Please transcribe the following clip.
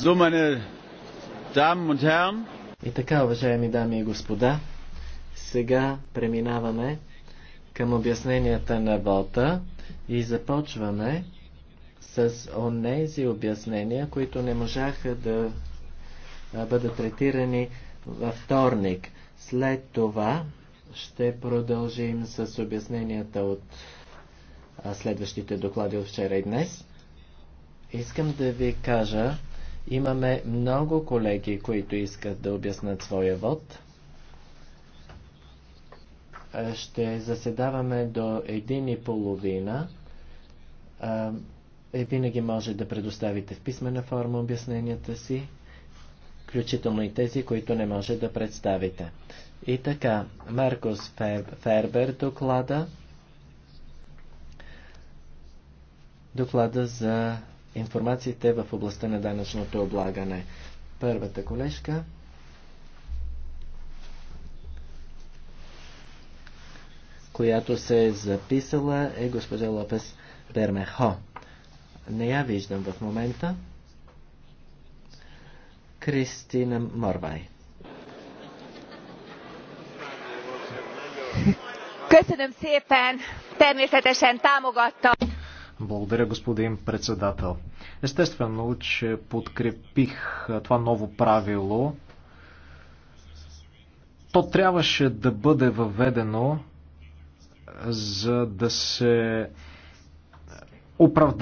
So, meine Damen und Herren. И така, уважаеми дами и господа, сега преминаваме към обясненията на Волта и започваме с онези обяснения, които не можаха да бъдат третирани във вторник. След това ще продължим с обясненията от следващите доклади от вчера и днес. Искам да ви кажа, Имаме много колеги, които искат да обяснат своя вод. Е, ще заседаваме до един и половина. Е, е, винаги може да предоставите в писмена форма обясненията си, включително и тези, които не може да представите. И така, Маркус Фербер доклада доклада за информациите в областта на данъчното облагане. Първата колежка. която се е записала е госпожа Лопес Бермехо. Не я виждам в момента. Кристина Морвай. Köszönöm сепен, термисетешен támogattam. Благодаря, господин председател. Естествено, че подкрепих това ново правило. То трябваше да бъде въведено, за да се оправдава